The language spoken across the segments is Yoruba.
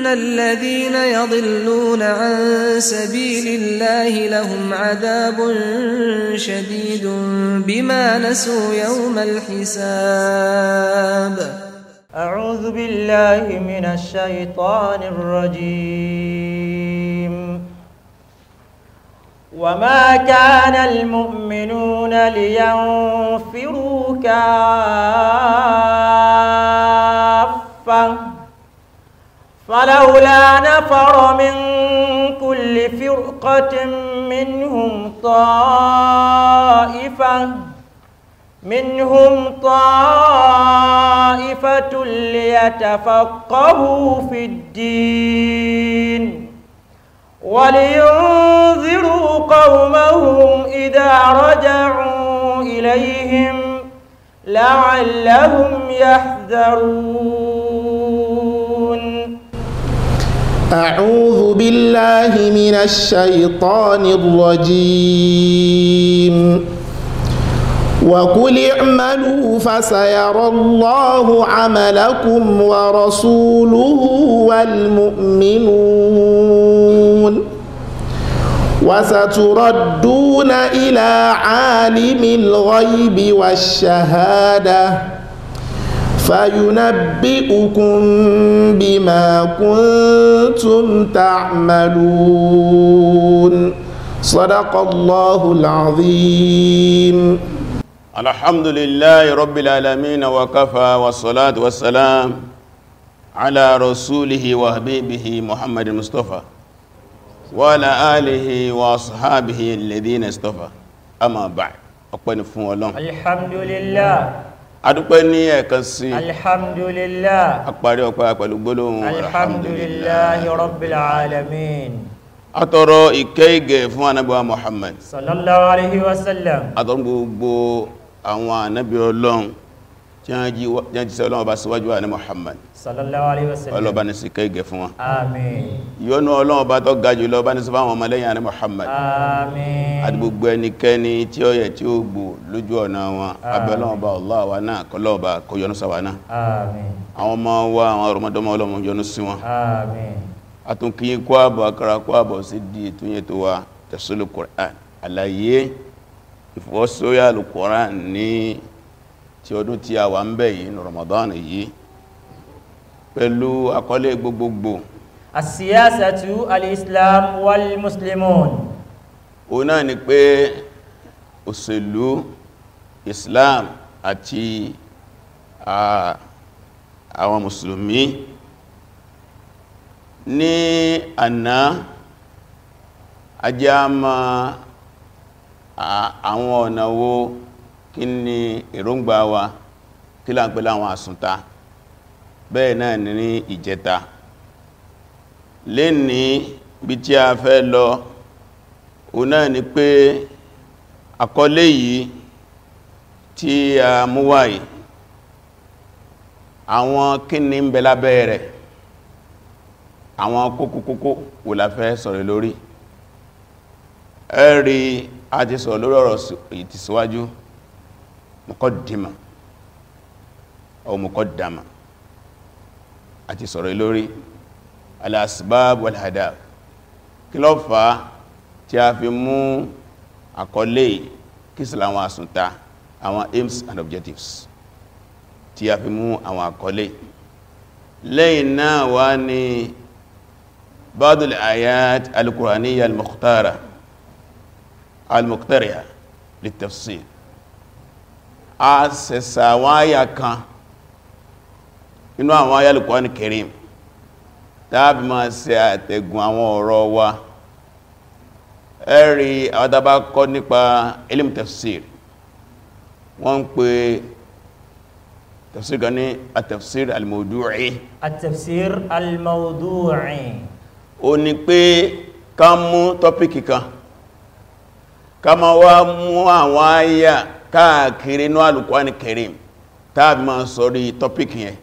ان الذين يضلون عن سبيل الله لهم عذاب شديد بما نسوا يوم الحساب اعوذ بالله من الشيطان الرجيم وما كان المؤمنون لينفروا كافرين فلولا نفر من كل فرقة منهم طائفة منهم طائفة ليتفقهوا في الدين ولينذروا قومهم إذا رجعوا إليهم لعلهم يحذرون أعوذ بالله من الشيطان الرجيم وقل اعملوا فسيرى الله عملكم ورسوله والمؤمنون وستردون إلى عالم الغيب والشهادة فينبئكم بِمَا كُنْتُمْ تَعْمَلُونَ صدق الله العظيم الحمد لله رب العالمين وكفى والصلاة والسلام على رسوله وحبيبه محمد المصطفى وعلى آله وأصحابه الذين اصطفى أما بعد أقبل فون الله الحمد لله adúpẹ́ ní ẹ̀kan sí alhamdulillah àparí ọpá pẹ̀lú gbólóhùn alhamdulillah rabbil alamin àtọrọ ìkẹ́ ìgẹ̀ fún anábíwa Muhammad sallallahu alaihi wasallam àtọrọ gbogbo àwọn anábí Ọlọ́run tí wọ́n jí jíṣẹ́ ọlọ́wọ́ bá síwájú àní Muhammad sallallahu alaihi wasallam ọlọ́bá ní sí kéègẹ̀ fún wọn àmín yọ́nú ọlọ́wọ́ bá tó ga jù ní sí ọmọlẹ́yìn àní Muhammad àmín àti gbogbo ẹnikẹ́ni tí ó yẹ tí ó gbò lójú ọ̀nà wọn Allah wa náà kọlọ́wọ́ bá kó yọ́nú sáwà náà àmín àwọn ọmọ wa àwọn ọ̀rọ̀mọdọ́mọ Qur'an àlàyé ìfọwọ́sóyà Qur'an ní ti ọdún tí a wà ń bẹ̀ yìí ní Ramadan yìí pẹ̀lú àkọlé gbogbogbò asíyásàtú al'islam wal muslimun o náà ni pé òṣèlú islam àti àwọn musulmi ní àná ajá ma àwọn ọ̀nà wo kí ni èròǹgbà wa kí là ń pè láwọn àsùntà bẹ́ẹ̀ náà ní ìjẹta lè ní bí tí a fẹ́ lọ o náà ni pé àkọlé yìí tí a mú wáyé àwọn kí ni ń bẹ rẹ̀ àwọn kókókókó wò la sọ̀rọ̀ lórí ẹ̀rí a ti sọ̀rọ̀ lórí ọ̀rọ̀ ìtìsíwájú si, muqaddima aw muqaddama àti sọ̀rọ̀ lórí al-asbab wal-hadaf kí ló fà tí a fi mú àkọlé kí sí àwọn àsùntà aims and objectives tí a fi mú àwọn àkọlé lẹ́yìn náà wá ní ba'dul ayat al-qur'aniyya al-mukhtara a sẹ̀sà àwọn àyà kan inú àwọn àyà Al-Qur'an Karim tàbí máa ṣe àtẹ̀gùn àwọn ọ̀rọ̀ wa ẹ̀rí àwádábá kọ́ nípa ilim tafsir wọ́n ń pè tafsir gan ní at-tafsir al-mawdu'i at-tafsir pé ká mú tọ́pìkì kan ká máa wá mú àwọn àyà káàkiri inú Al-Qur'an Karim tàbí ma sọ́rí tọ́píkì yẹn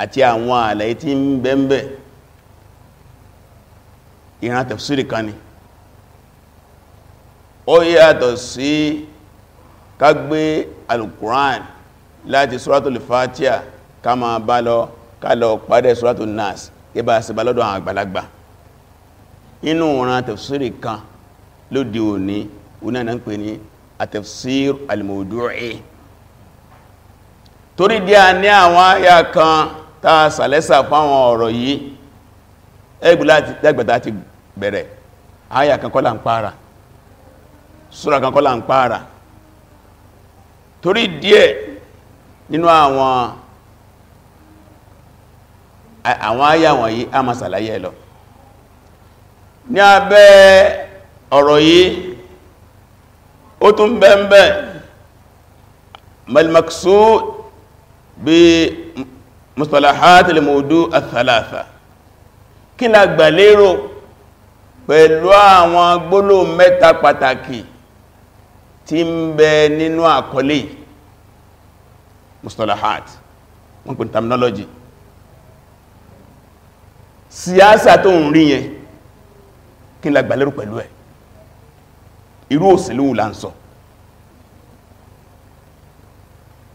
àti àwọn àlàyé tí ń bẹ́m̀bẹ̀ ìran tafsiri kan ni ó yàtọ̀ sí ká gbé Al-Qur'an láti Suratul Fatiha ká ma bá lọ ká lọ pàdé Suratul Nas gẹ́bà sí bá lọ́dọ̀ àwọn àgbàlagbà tafsiri kan lóde òní onáà àtẹ̀fṣír alìmòdúrí torí dí a ní àwọn àyà kan ta sàlẹ́sà fáwọn ọ̀rọ̀ yìí ẹgbù lágbàtà ti bẹ̀rẹ̀ àyà kan kọ́lá ń pààrà súra kan kọ́lá ń pààrà torí díẹ̀ nínú àwọn àwọn àyà wọ̀nyí a ma sàlàyé lọ ní abẹ́ ọ̀rọ̀ yìí ó tún bẹ́ẹ̀bẹ́ malmaksud bí mustalahat al-mawdu al-thalatha kí la gbà lérò pẹ̀lú àwọn gbólò mẹ́ta pàtàkì tí ń bẹ nínú àkọlé mustalahat wọ́n pè terminology siyasa tó ń rí yẹn kí la gbà lérò pẹ̀lú ẹ̀ irú òsìlú là ń sọ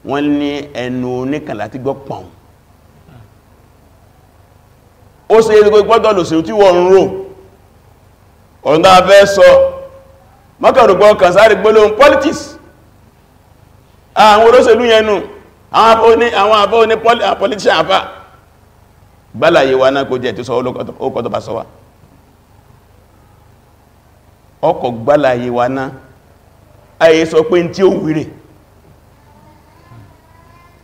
wọ́n ní ẹnu oníkànlá ti gbọ́ pọ̀n ó sì yẹ́ gbọ́dọ̀ lòsìlú tí wọ́n ń rò ọ̀rùn dáa fẹ́ sọ mọ́kànlùgbọ́ kan sáré gbólóhùn politics àwọn olóṣèlú yẹnu àwọn àbọ́ ní politician àfà gbálàyé wa náà kó jẹ́ tó sọ ó kọ́ tó bá sọ wa ọkọ̀ gbálàyé wa náà ayé sọ pé tí ó wíre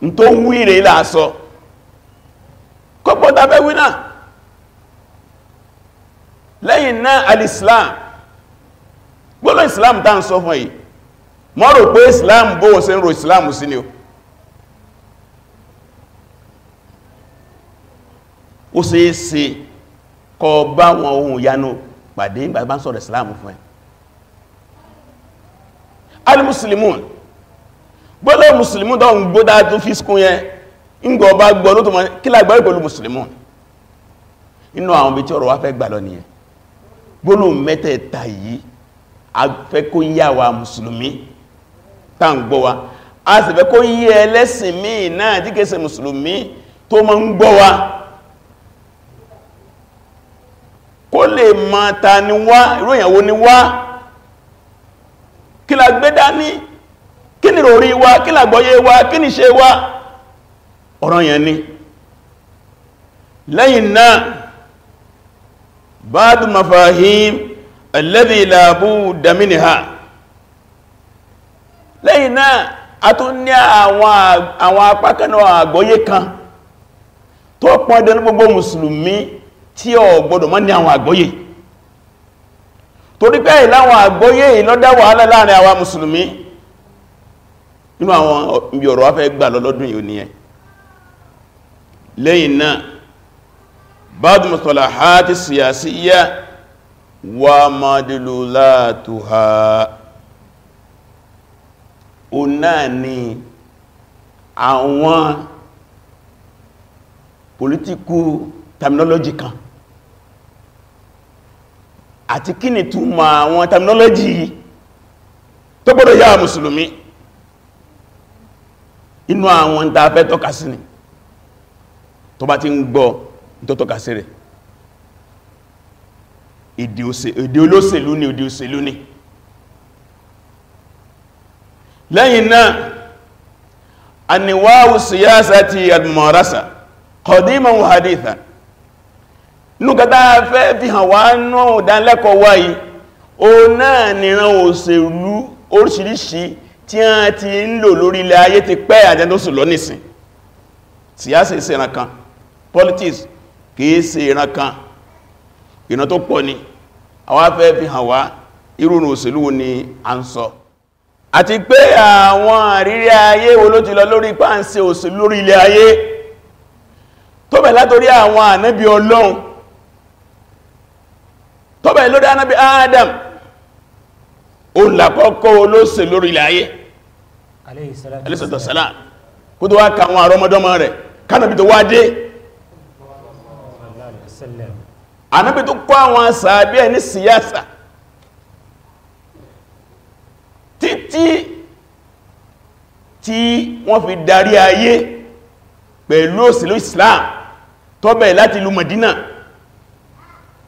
n tó wíre láàsọ kọ́pọ̀ tàbẹ́ wínà lẹ́yìn náà al-islam gbọ́lọ̀ islam tá ń sọ fún yìí mọ́ pé islam bó ṣe ń ro islam sí ni o ó ṣe é ṣe kọ bá wọn ohun ìyanu pàdé ìgbàgbà sọ̀rọ̀ islam fún ẹ̀ alimuslimun gbọ́lọ̀ gbọ́ ló tó mọ́ kí inú àwọn ibi tí ọ̀rọ̀ wá fẹ́ gbà lọ nìyẹn wa musulmi tá ń gbọ́ wa a sì fẹ́ kó yí ẹlẹ́sìn míì náà tí kẹsẹ̀ musulmi tó mọ́ ń gbọ́ wa kó lè kí la gbé dání kí ni ròrí wa kí la gbọ́yé wa kí ni ṣe wa ọ̀rọ̀ yẹn ni lẹ́yìn náà báàdù mafahim alladhi la budda minha lẹ́yìn náà a tún ní àwọn apákanà àgbọ́yé kan tó pọ́ndẹ̀ ní gbogbo mùsùlùmí tí ó gbọ́dọ̀ ní àwọn àgbọ́yé torí pé ìláwọn àgbóyé ìlọ́dá wàhálà láàrin àwa mùsùlùmí nínú àwọn ibi afẹ́ gbà lọ́lọ́dún yìí ní ẹ lẹ́yìn náà báàdù mọ̀tọ̀lá ha ti síyàsí yá wà mọ́dìlú látò ha o náà ni àwọn political terminology kan àti kí ni túmọ̀ àwọn terminology yìí tó gbọ́dọ̀ yá mùsùlùmí inú àwọn ta fẹ́ tọ́ka sí ni tó bá ti ń gbọ́ tó tọ́ka sí rẹ̀ èdè olóṣèlú ni èdè òṣèlú ni lẹ́yìn náà àníwáwù síyásá ti àdìmọ̀rásà kọ̀dímọ̀ wà hadithan núkàtà fẹ́ fi hàn wá náà ìdánilẹ́kọ̀ọ́ wa yìí o náà nìran òṣèlú oríṣiríṣi tí a ti ń lò lórí ilẹ̀ ayé ti pẹ́ àjẹ́dọ́sù lọ́nìsìn síyásì sí ìran kan politics kìí sí ìran kan ìran tó pọ̀ ni àwa fẹ́ fi hàn wá irú òṣèlú ni a ń sọ àti pé àwọn àrírí ayé wo ló ti lọ lórí pàǹsẹ̀ òṣèlú lórí ilẹ̀ ayé tó bẹ̀ látorí àwọn ànábì ọlọ́run tó bẹ̀ ló dá Ànábì Adam olàkọ́kọ́ olóṣè lórí ilẹ̀ ayé alẹ́sọ̀tọ̀sálà kó tó wá ka àwọn àrọmọdọ́mọ rẹ̀ kánàbí tó wá dé Ànábì tó kọ́ àwọn sàábí ẹ̀ ní siyasa títí tí wọ́n fi darí ayé pẹ̀lú òṣèlú Islam tó bẹ̀ láti ìlú Madina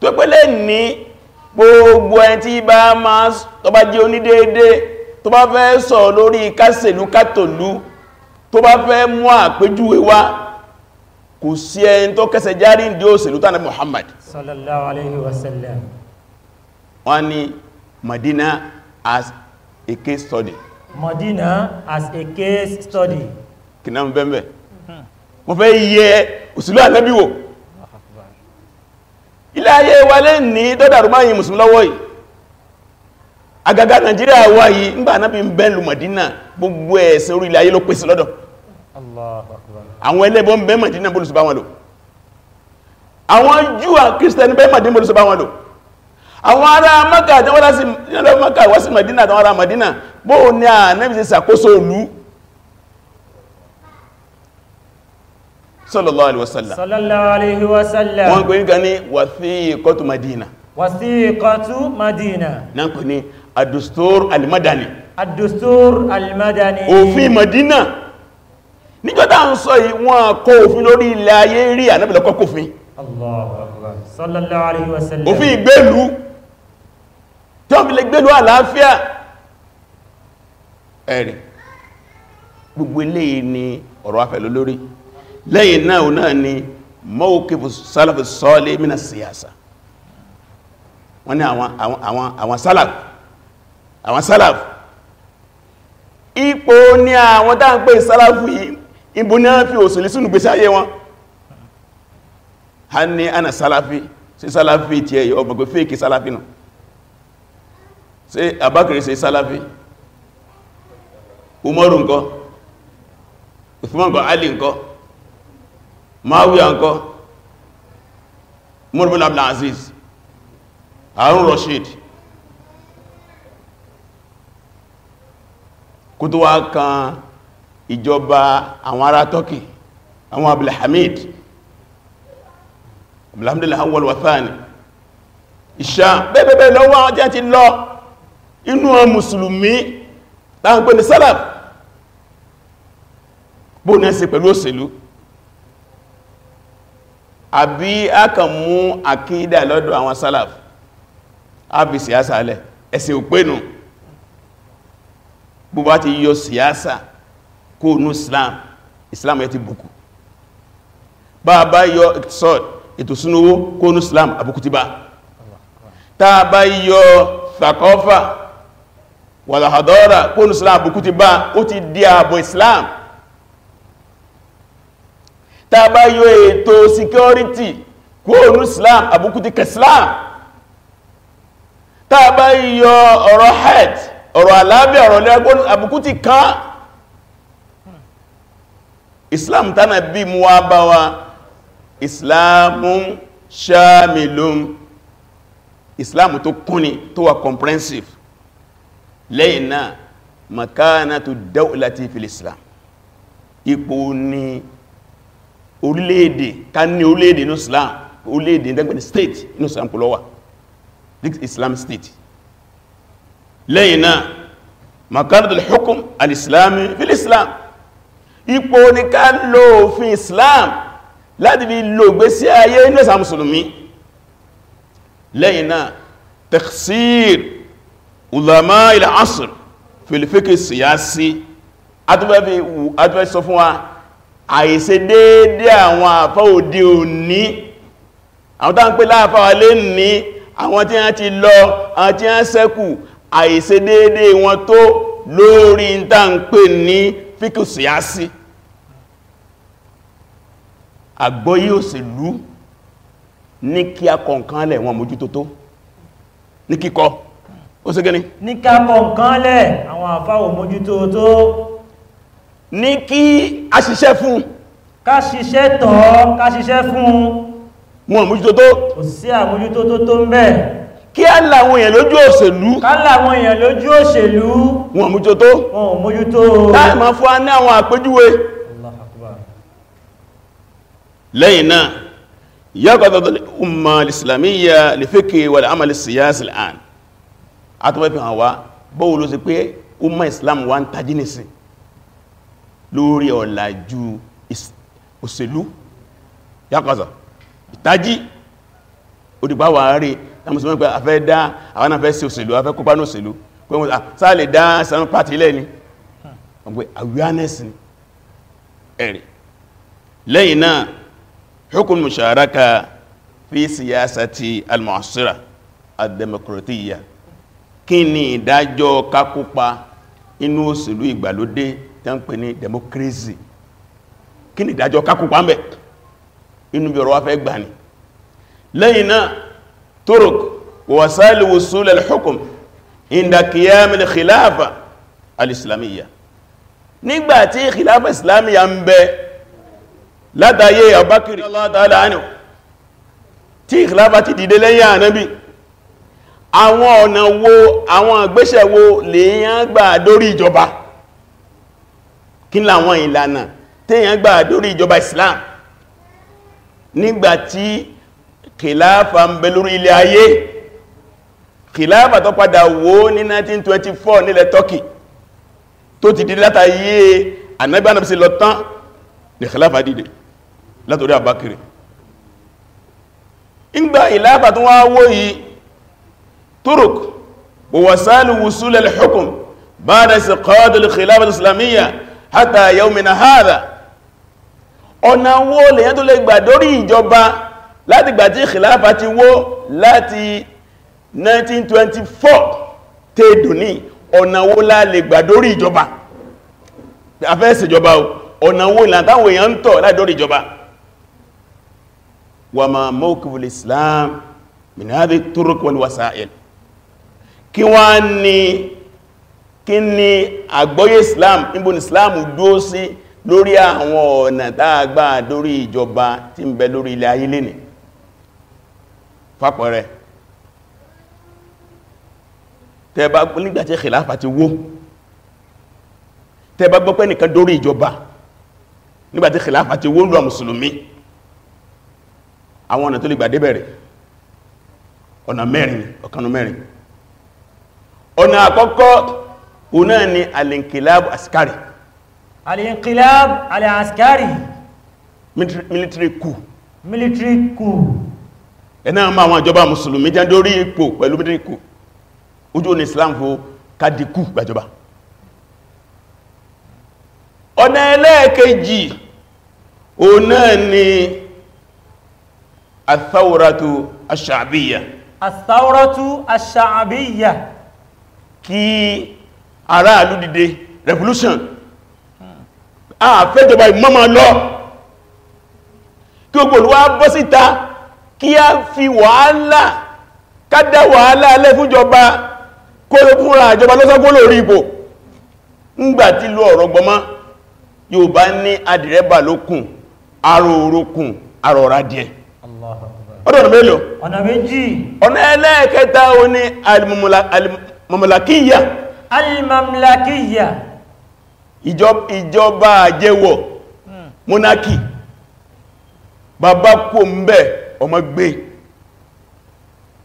tó pẹ́lẹ̀ ní gbogbo ẹni tí bá máa tó bá jẹ́ onídéédé tó bá fẹ́ sọ lórí kásẹ̀lú kátòlú tó bá fẹ́ mú àpéjúwe wá kò sí ẹni tó kẹsẹ̀ járí ìdí òṣèlú tánà Muhammad sallallahu alaihi wasallam wọ́n ní Madina as a case study Madina as a case study kìnnà mbẹ̀mbẹ̀ mo fẹ́ yẹ òṣèlú àlẹ́bíwò ilé ayé wa lè ní dọ́dàrú máa yìí mùsùlùmí lọ́wọ́ yìí àgàgà Nàìjíríà wà yìí ń bà náàbí ń bẹ́ẹ̀lù Mọ̀dínà gbogbo ẹ̀sìn orí ilé ayé ló pèsè lọ́dọ̀ àwọn ẹlẹ́bọ ń bẹ Mọ̀dínà bólúsù wọn lò bẹ wọn maka si madina sallallahu alaihi wasallam sallallahu alaihi wasallam wọ́n gbé nǹkan ní wàsíkọ́tù madina wàsíkọ́tù madina na ń pè ní adustur almadani adustur almadani òfin madina níjọ́ta ń sọ yìí wọ́n kọ òfin lórí ilẹ̀ ayé rí ànábìlọ́kọ́ kòfin Allahu akbar sallallahu alaihi wasallam òfin ìgbélú tọ́bílẹ̀ gbélú àlàáfíà ẹ̀rì gbogbo eléyìí ni ọ̀rọ̀ afẹ́lú lórí lẹ́yìn náà ò náà ni mọ́wókífù sálàfù sọ́ọ́lẹ̀ mínà síyàsà wọ́n ní àwọn sálàfù àwọn sálàfù ipò ní àwọn dáa ń pè sálàfù ìbò ní a fi òsìlì sínú gbèsè ayé wọn a ní ana sálàfì sí sálàfì tí ẹ̀yọ ọgbọ̀gbẹ̀ fèèkì sálàfì nù sí Abakiri sí sálàfì Umaru ńkọ́ Uthman ńkọ́ Ali Muawiya ńkọ́ Umar bin Abdul Aziz Harun Rashid kó tó wá kan ìjọba àwọn ará Turkey àwọn Abdulhamid Abdulhamid al-awwal wa thani ìṣà bẹ́ẹ̀bẹ́ẹ̀ lọ́wọ́ àwọn jẹ́ ti lọ inú àwọn mùsùlùmí láàrín pẹ̀lú sálàf bóò ní ẹsẹ̀ pẹ̀lú òṣèlú àbí a kàn mú àkídà lọ́dọ̀ àwọn salaf àbí síyásà alẹ́ ẹ̀sìn òpénù bó bá ti yọ síyásà kó nú islam islam ẹ ti bùkù bá bá yọ iqtisad ètò súnúwó kó nú islam àbùkù ti bá tá bá yọ thaqafa wàlàhàdọ́rà kó nú islam àbùkù ti bá ó ti di ààbò islam tá bá yọ ètò security kóòrùn islam àbúkútí kẹsìlám tá bá yọ ọ̀rọ̀ health ọ̀rọ̀ alábẹ́ ọ̀rọ̀ lẹ́gbọ́n àbúkútí kan islam tánà bí mú wá bá wa islamun shamilun islam tó kúnni tó wà comprehensive lẹ́yìn náà makana tó dáúlá tí fil islam ipò ni orílẹ̀-èdè ká ní orílẹ̀-èdè inú Islam orílẹ̀-èdè ìdẹ́gbẹ̀ni state inú Islam kò lọ́wà Islam state lẹ́yìn náà makaradul hukum al-islami fil Islam ipò ní ká lo òfin Islam láti fi lo gbésí ayé inú Islam musulmi lẹ́yìn náà taksir ulama il asr fil fiqh siyasi adúbẹ́ sọ fún wa àìṣe déédé àwọn àfá òde òní àwọn tá ń pè láàfá wà lè ní àwọn tí wọ́n ti lọ àwọn tí a ṣẹ́kù àìṣe déédé wọn tó lórí tá ń pè ní fíkùsíásí àgbọ́yí òṣèlú ní kí a kọ̀ǹkan lẹ̀ wọn mójútótó ní kíkọ́ ó sì gẹ́ni ní ká kọ̀ǹkan lẹ̀ àwọn àfá ò mójútótó ní kí a ṣiṣẹ́ fún ká ṣiṣẹ́ tọ́ ká ṣiṣẹ́ fún wọn àmójútó tó kò sí àmójútó tó tó ń bẹ kí á láwọn èèyàn lójú òṣèlú ká láwọn èèyàn lójú òṣèlú wọn àmójútó tó wọn àmójútó táìmọ̀ fún a ní àwọn àpéjúwe lẹ́yìn náà yaqadat al-umma al-islamiyya li-fiqhi wal-amal àtọ́wẹ́fẹ́ hàn wá bọ́wọ́ ló sì pé umma islam wa ń tají nìsìn lórí ọ̀làjú òṣèlú yàkọ̀sọ̀ ìtají òdìgbà wà rí lámùsùn pé afẹ́ dá àwọn afẹ́ sí òṣèlú afẹ́ kópa ní òṣèlú pé wọ́n sáà ah, lè dá sàmì pàtí ilẹ̀ ni ọgbẹ́ awareness ni ẹ̀rì lẹ́yìn náà hukun musharaka fi siyasati al-mu'asira al-demokratiya kí ni ìdájọ́ kákópa inú òṣèlú ìgbàlódé tí wọ́n ń pè ní democracy kí ni ìdájọ́ kákùpá mẹ́ inú bí ọ̀rọ̀ wá fẹ́ gbà ní lẹ́yìn náà turuk wasail wusul al-hukm inda qiyam al-khilafa al-islamiyya nígbàtí khilafa islamiyya ń bẹ látàyé Abubakar Allah tí khilafa ti dìde lẹ́yìn ànábì àwọn ọ̀nà wo àwọn ìgbésẹ̀ lèyàn gbà dórí ìjọba kí láwọn ìlànà téèyàn gbà dórí ìjọba Islam nígbàtí kìláàfà ń bẹ lórí ilé ayé kìláàfà tó padà wó ní 1924 nílẹ̀ Turkey tó ti dìde látàyé ànábì Ànábì sí lọ tán ní kìláàfà dìde látorí àbákiri ìgbà ìlàáfà tó wá wó yìí turuk wa wasalu wusul al-hukm ba'da istiqad al islamiyya hátà yaumina hádà ọ̀nà wo lèyàn tó lè gbà dórí ìjọba láti gbà tí ìkìláfà ti wó láti 1924 tèdò ní ọ̀nà wo la lè gbà dórí ìjọba afẹ́sìjọba ọ̀nà wo ìlàntáwò èèyàn ń tọ̀ láti dórí ìjọba wà ma mọ́kùnlù islam min hadhihi turuq wal kí wá ní kí ni àgbọ́yé islam níbo ni islam dúó sí lórí àwọn ọ̀nà tààgbà lórí ìjọba tí ń bẹ lórí ilẹ̀ ayé lẹ́nì fàpẹẹrẹ tẹba nígbàtí khilafa ti wó tẹba gbọ́ pé nìkan dórí ìjọba nígbàtí khilafa ti wó lọ mùsùlùmí àwọn ọ̀nà tó lè gbà débẹ̀rẹ̀ ọ̀nà mẹ́rin ọ̀kanú mẹ́rin ọ̀nà àkọ́kọ́ ọ̀nà ni al-inqilab askari al-inqilab askari military coup military coup ẹ̀nà ma àwọn ìjọba mùsùlùmí jẹ́ dórí ipò pẹ̀lú military coup ojú ní islam fó kàdíkù gbàjọba ọ̀nà ẹlẹ́ẹ̀kejì ọ̀nà ni athawratu ash athawratu ash-sha'biyya aráàlú dìde revolution àfẹ́jọba ìmọ́mọ́ lọ kí gbogbo olúwa bọ́ síta kí a fi wàhálà kádá wàhálà alẹ́ fúnjọba kó ló fúnra àjọba lọ́sọ́gbó lórí ipò ńgbà tí lú ọ̀rọ̀ gbọmá yóò bá ní adìrẹ́bà lókùn arò orókùn díẹ̀ ọdọ̀nà mélòó ọ̀nà méjì ọ̀nà ẹlẹ́ẹ̀kẹta ó ní alìmọ̀mọ̀lákíyà al-mamlakiyya ìjọba àjẹwọ̀ hmm. monarchy bàbá kò ń bẹ̀ ọmọ gbé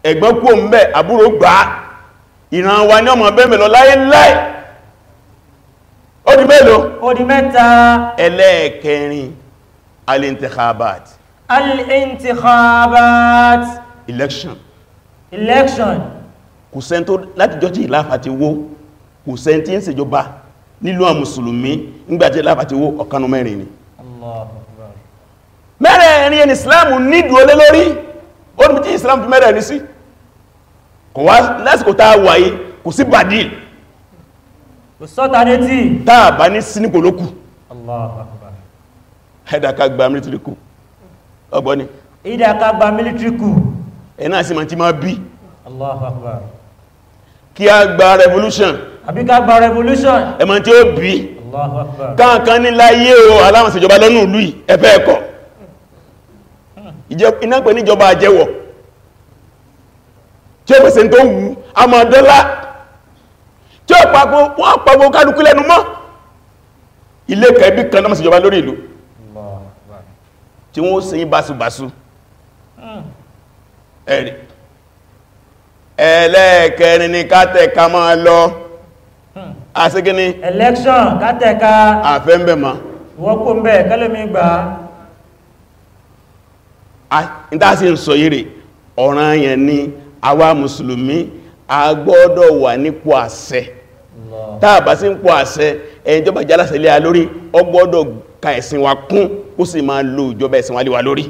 ẹ̀gbọ́n kò ń bẹ̀ àbúrò gbà ìran wa ní ọmọ bẹ́mẹ̀ lọ láíláí ó di mélòó ó mẹ́ta ẹlẹ́ẹ̀kẹrin al-intikhabat al-intikhabat election election kò láti jọ́jì ìlàfà ti wó kò sẹ́ tí ń ṣèjọba nílùú àwọn mùsùlùmí nígbàtí lábàtí wó ọ̀kanú mẹ́rin ni mẹ́rẹ̀ẹ̀rin ẹni islamu nídù olé lórí ó ní tí islam fi mẹ́rẹ̀ẹ̀rin sí kò wá lásìkò tàà wáyé kò sí badil kò sọ́ta ní tí tàà bá ní sí nípò lókù ẹ̀dàkà gba military coup ọgbọ́ni ìdàkà gba kí a gba revolution àbí ká gba revolution ẹmọ tí ó bí káàkan ní láyé o aláwọn ìṣèjọba lọ́nà ìlú ẹ̀fẹ́ ẹ̀kọ́ iná pẹ̀ níjọba àjẹwọ̀ tí ó pèsè tó wù àmọ́ dọ́lá tí ó pàpọ̀ wọ́n pàpọ̀ kálukú lẹ́nu mọ́ ilé kẹbí kan náà ìṣèjọba lórí ìlú tí wọ́n ṣe yí básubásu hmm. ẹ̀rí ẹlẹ́ẹ̀kẹrin ni ká tẹ̀ ká máa lọ àṣẹ election kateka àfẹ́m̀bẹ̀ ma wọ́pọ̀ mẹ́ kẹ́lẹ̀mí gbà ntasị ń sọ yìí ọ̀ràn yẹn ni awa musulmi a wà nípò àṣẹ tàbá sí ń pò àṣẹ ẹ̀yìn jọba jálásẹ̀ lé ka ẹ̀sìn wa kún kó lo ìjọba ẹ̀sìn wa lórí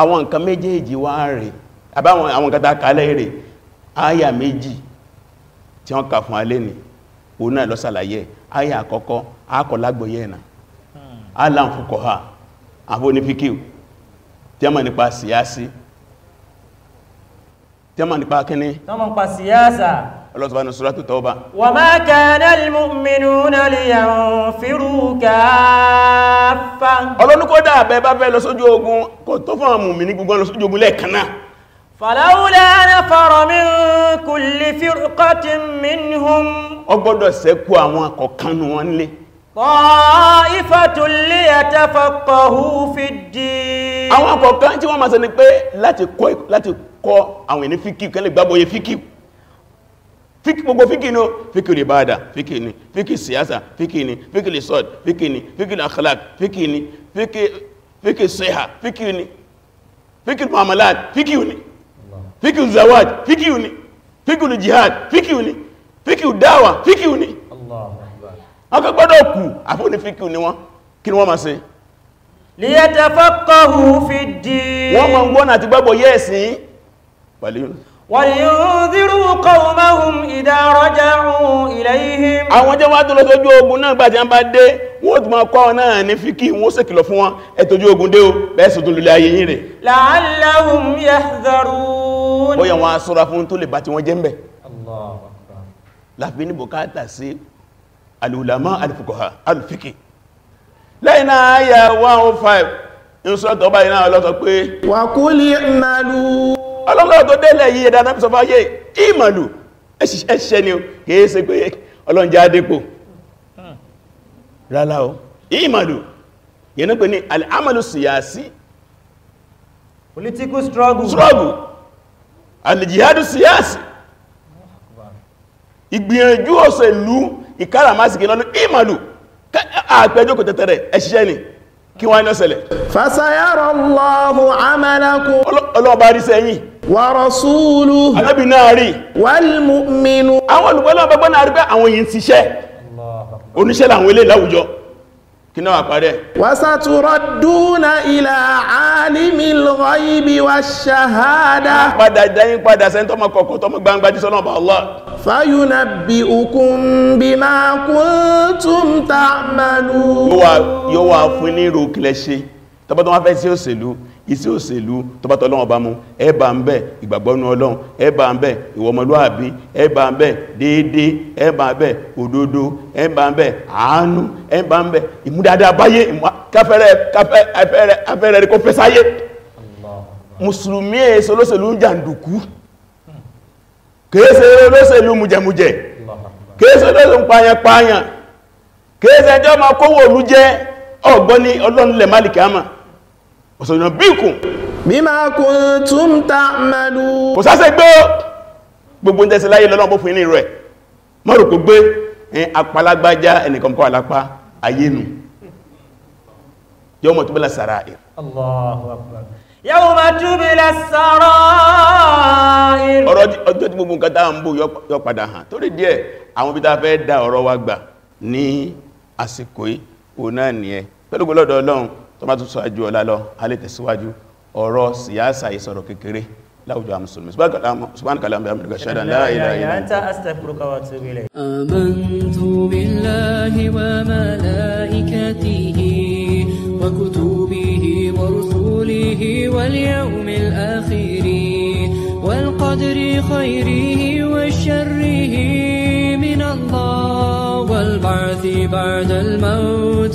àwọn nǹkan méjèèjì wá rẹ̀ àbáwọn àwọn nǹkan takalẹ̀ rẹ̀ áyà méjì tí wọ́n kà fún alẹ́ ni òun náà lọ sàlàyé áyà àkọ́kọ́ akọ̀lágbọ̀yẹ́ ẹ̀nà hmm. aláǹfukọ̀ha àbó ní tí a nípa síyásí tí a nípa kíní tí nípa siyasa ọlọ́sọ̀bánu suratu tauba wa ma kana al-mu'minuna liyanfiru kaffa ọlọ́nukọ́dá abẹ́ bá fẹ́ lọ sójú ogun kò tó fún àmùmí ní gbogbo lọ sójú ogun lẹ́ẹ̀kaná falawla nafara min kulli firqatin minhum ọgbọ́dọ̀ sẹ́kù àwọn akọ̀kanu wọn lé ta'ifatun liyatafaqqahu fid-din àwọn akọ̀kan tí wọ́n máa sọ ni pé láti kọ́ àwọn ẹni fíkíù kẹ́lẹ̀ gbábọ̀ye fíkíù fíkì gbogbo fíkì ní fíkì ribada fíkì ní fíkì siyasa fíkì ní fíkì lisod fíkì ní fíkì akhlaq fíkì ní fíkì seha fíkì ní fíkì muamalat fíkì ní fíkì zawaj fíkì ní fíkì jihad fíkì ní fíkì dáwà fíkì ní ọkọ̀ gbọ́dọ̀ kù fíkì ní wọn kí ni wọ́n máa ṣe liyatafaqahu fi ddin wọ́n máa gbọ́nà àti gbọ́gbọ́ yẹ́ẹ̀sìn pẹ̀lú wàlíyúndírú kọ́ọ̀mọ́hùn ìdárajáhùn ilayhim. àwọn jẹ́ wá tó lọ́sọ́jú ogun náà gbàjá ń bá dé wọ́n tún máa kọ́ náà ní fíkí wọ́n ṣèkìlọ̀ fún wọn ẹ̀tọ́jú ogun dé o bẹ́ẹ̀ sì lulẹ̀ ayé yìí rẹ̀. la'allahum lẹ́yìn náà 105 in báyìí náà lọ́tọ̀ pé wàkúlì màlúù ọlọ́run tó délẹ̀ yìí ẹ̀dà náà sọfá yẹ ìmọ̀lù ẹ̀ṣẹ́ ni kìí ṣe pé ọlọ́njẹ́ adépò rálá o ìmọ̀lù yẹnú pé ní struggle struggle al-jihadu siyasi ìgbìyànjú òṣèlú ìkáràmásìkì lọ́nà ìmọ̀lù àpẹjọ́ kò tẹ́tẹ̀rẹ̀ ẹ̀ṣẹ́ ni kí wọ́n ní ọ̀sẹ̀lẹ̀ fasayarallahu amalakum ọlọ́ọ̀bá rí sẹ́yìn wa rasuluhu anábì náà rí wal mu'minu àwọn olùgbọ́lọ́ ọgbọ́gbọ́ náà rí pé àwọn yìí ń ṣiṣẹ́ oníṣẹ́ làwọn ilé láwùjọ kí náà àpárẹ́ wa saturadduna ila alimil ghaibi wash-shahada padà dáyín padà sẹ́ntọ́ mọ́ kọ̀kọ̀ gbangba jí sọ́nà Allah fayunabbi'ukum bima kuntum ta'malun yóò wà fún ní ìrò ṣe tọ́bọ́tọ́ wọ́n fẹ́ sí òṣèlú iṣẹ́ òṣèlú tó bá tọ́lọ́wọ́ bá mú ẹbà ń bẹ̀ ìgbàgbọ́nú ọlọ́run ẹbà ń bẹ̀ ìwọ̀mọlúàbí ẹbà ń bẹ̀ déédé ẹbà ń bẹ̀ òdodo ẹbà ń bẹ̀ àánú ẹbà ń bẹ̀ ìmúdádá báyé afẹ́rẹ́ rẹ̀ kó fẹ́ sáyé mùsùlùmí èso lóṣèlú ń jàǹdùkú kéèsè lóṣèlú mùjẹmùjẹ kéèsè lóṣèlú pààyàn pààyàn kéèsè ẹjọ́ ma kówò olú jẹ́ ọ̀gbọ́n ní ọlọ́run lẹ̀ máàlìkì àmà ọ̀sọ̀yàn bíkùn bima kuntum ta'malun kò sáṣẹ́ gbé gbogbo ń tẹ́sẹ̀ láyé lọ́nà bófin ní rẹ̀ mọ́rù kò gbé apalágbájá ẹnìkan kọ́ alápá ayénu yawma tubla sarair Allahu akbar yawma tubla sarair ọ̀rọ̀ ọjọ́ tí gbogbo nǹkan tá ń bú yọ padà hàn torí díẹ̀ àwọn bí tó bá tún sọ ẹjọ́ ọ̀la lọ a lè tẹ̀síwájú ọ̀rọ̀ síyásà ìsọ̀rọ̀ kékeré láwùjọ àmùsùlùmí subhanahu kàlá àmì àmì ṣẹ́dá láìlà ilẹ̀ amantu billahi wa malaikatihi wa kutubihi wa rusulihi wal yawmil akhir wal qadri khayrihi wa sharrihi min Allah wal ba'thi ba'da al-maut